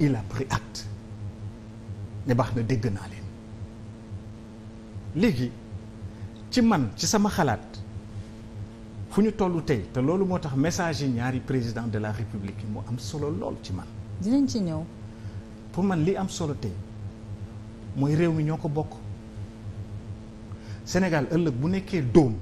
il a pris acte ne baax na dégg naa leen léegi ci man ci sama xalaat fu ñu tollu tey te loolu moo tax message yi ñaari président de la république yi mu am solo lool ci man. dinañ ci ñëw. pour man li am solo tey mooy réew mi ñoo ko bokk Sénégal ëllëg bu nekkee dóom.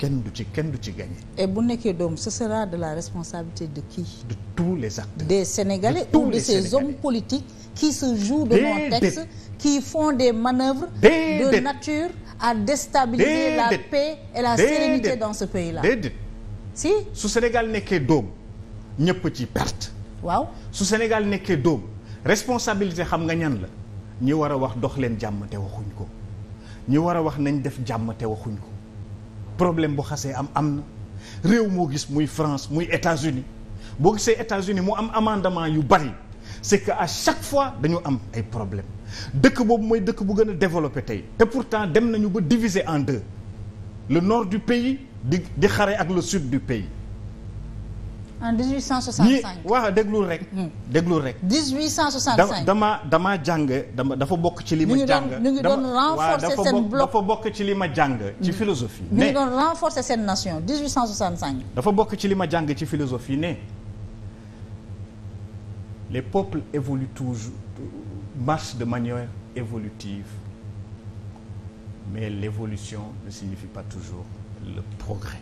kenn du ci kenn du ci gagné. et bu nekkee doom ce sera de la responsabilité de qui. de tous les acteurs. des sénégalais de ou de ces sénégalais. hommes politiques qui se jouent de nos textes qui font des manœuvres. de nature à déstabiliser la paix et la sérénité dans ce pays là. déedéet si. su Sénégal nekkee doom ñëpp ci perte. waaw su Sénégal nekkee doom responsabilité xam nga ñan la ñi war a wax dox leen jàmm te waxuñ ko ñi war a wax nañ def jàmm te waxuñ ko. problème bu xasee am am na réew moo gis muy France muy États-Unis boo gisee États-Unis mu am amendement yu bari c'est que à chaque fois dañu am ay problème dëkk boobu mooy dëkk bu gën a développé tey te pourtant dem nañu ba diviser en deux le nord du pays di di xare ak le sud du pays en 1865 waaw déglul rek. Hmm. déglul rek. 1865 dama dama jàng dama dafa bokk ci li ma. jàng ñu ngi doon renforcer bokk ci li ma jàng. ci hmm. philosophie ne ñu ngi doon renforcer seen nation 1865. dafa bokk ci li jàng ci philosophie ne les peuples évoluent toujours marchent de manière évolutive mais l'évolution ne signifie pas toujours le progrès.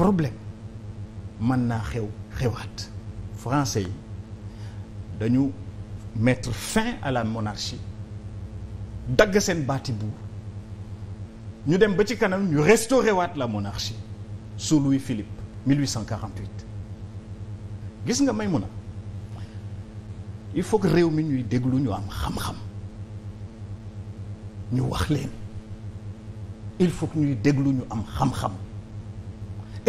problème mën naa xew xewaat français yi dañu mettre fin à la monarchie dagg seen baati buur ñu dem ba ci kanam ñu restaurer waat la monarchie sous Louis Philippe 1848 gis nga may mun a il faut que réew mi ñuy déglu ñu am xam-xam ñu wax leen il faut que ñuy déglu ñu am xam-xam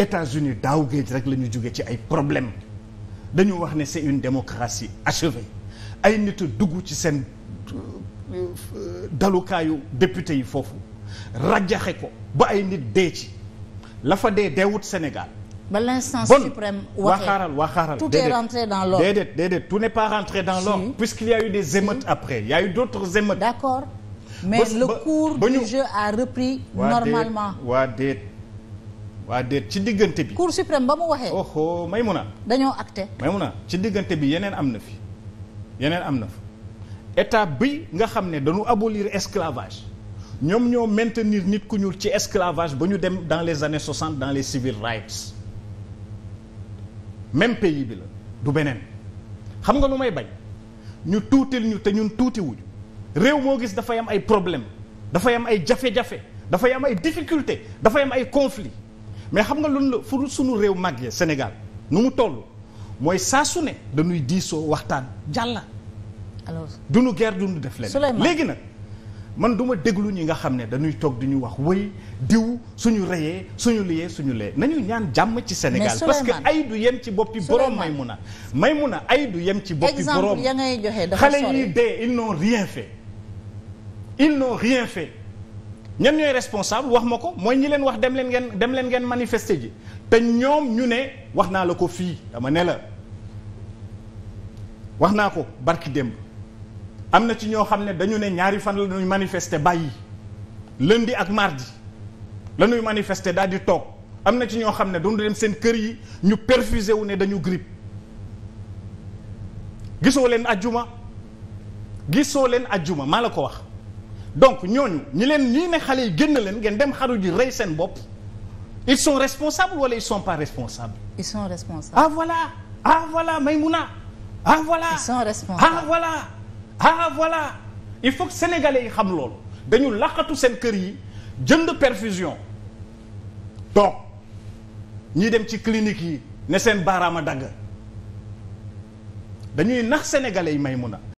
États-Unis daaw géej rek la ñu jóge ci ay problèmes dañu wax ne c'est une démocratie achevée ay nit dugg ci seen euh, dalukaayu député yi foofu rajaxe ko ba ay nit dee ci lafa fa dee deewut Sénégal. ba l'instance suprême waxee waxaaral waxaaral tout est rentré dans l'ordre déedéet déedéet tout n'est pas rentré dans l'ordre si. puisqu'il y a eu des émeutes si. après il y a eu d'autres émeutes. d'accord mais ba, le cours du jeu a repris. normalement waa déet. waa déet ci diggante bi. cour suprême ba mu waxee. oh Maymuna. dañoo acté. Maymuna ci diggante bi yeneen am na fi yeneen am na fa état bi nga xam ne dañu abolir esclavage ñoom ñoo maintenir nit ku ñuul ci esclavage ba ñu dem dans les années 60 dans les civil rights même pays bi la du beneen xam nga lu may bañ ñu tuutil ñu te ñun tuutiwuñu réew moo gis dafay am ay problème dafay am ay jafe-jafe dafay am ay difficulté dafay am ay confli mais xam nga loolu la fu suñu réew màggee Sénégal nu mu toll mooy saa su ne dañuy diisoo waxtaan jàlla alors duñu geer duñu def leen léegi nag man duma déglu ñi nga xam ne dañuy toog di wax wëy diw suñu reyee suñu liyee suñu lee nañu ñaan jàmm ci Sénégal parce que ay du yem ci boppi boroom may mun a may mun a ay du yem ci boppi boroom xale yi dee ils n'ont rien fait ils n'ont rien fait ñan ñooy responsable wax ma ko mooy ñi leen wax dem leen ngeen dem leen ngeen ji te ñoom ñu ne wax naa la ko fii dama ne la wax naa ko barki démb am na ci ñoo xam ne dañu ne ñaari fan la ñuy manifester bàyyi lundi ak mardi la ñuy manifester daal di toog am na ci ñoo xam ne duñu dem seen kër yi ñu perfusé wu ne dañu grippe gisoo leen ajjuma gisoo leen ajjuma maa la ko wax. donc ñooñu ñi leen ñii ne xale yi génn leen ngeen dem xaru ji rey seen bopp ils sont responsables wala ils sont pas responsables. ils sont responsables ah voilà ah voilà Maïmouna ah voilà ils sont ah, ah voilà il faut que sénégalais yi xam loolu dañu laqatu seen kër yi jënd perfusion toog ñi dem ci clinique yi ne seen baaraama dagg dañuy nax sénégalais yi Maïmouna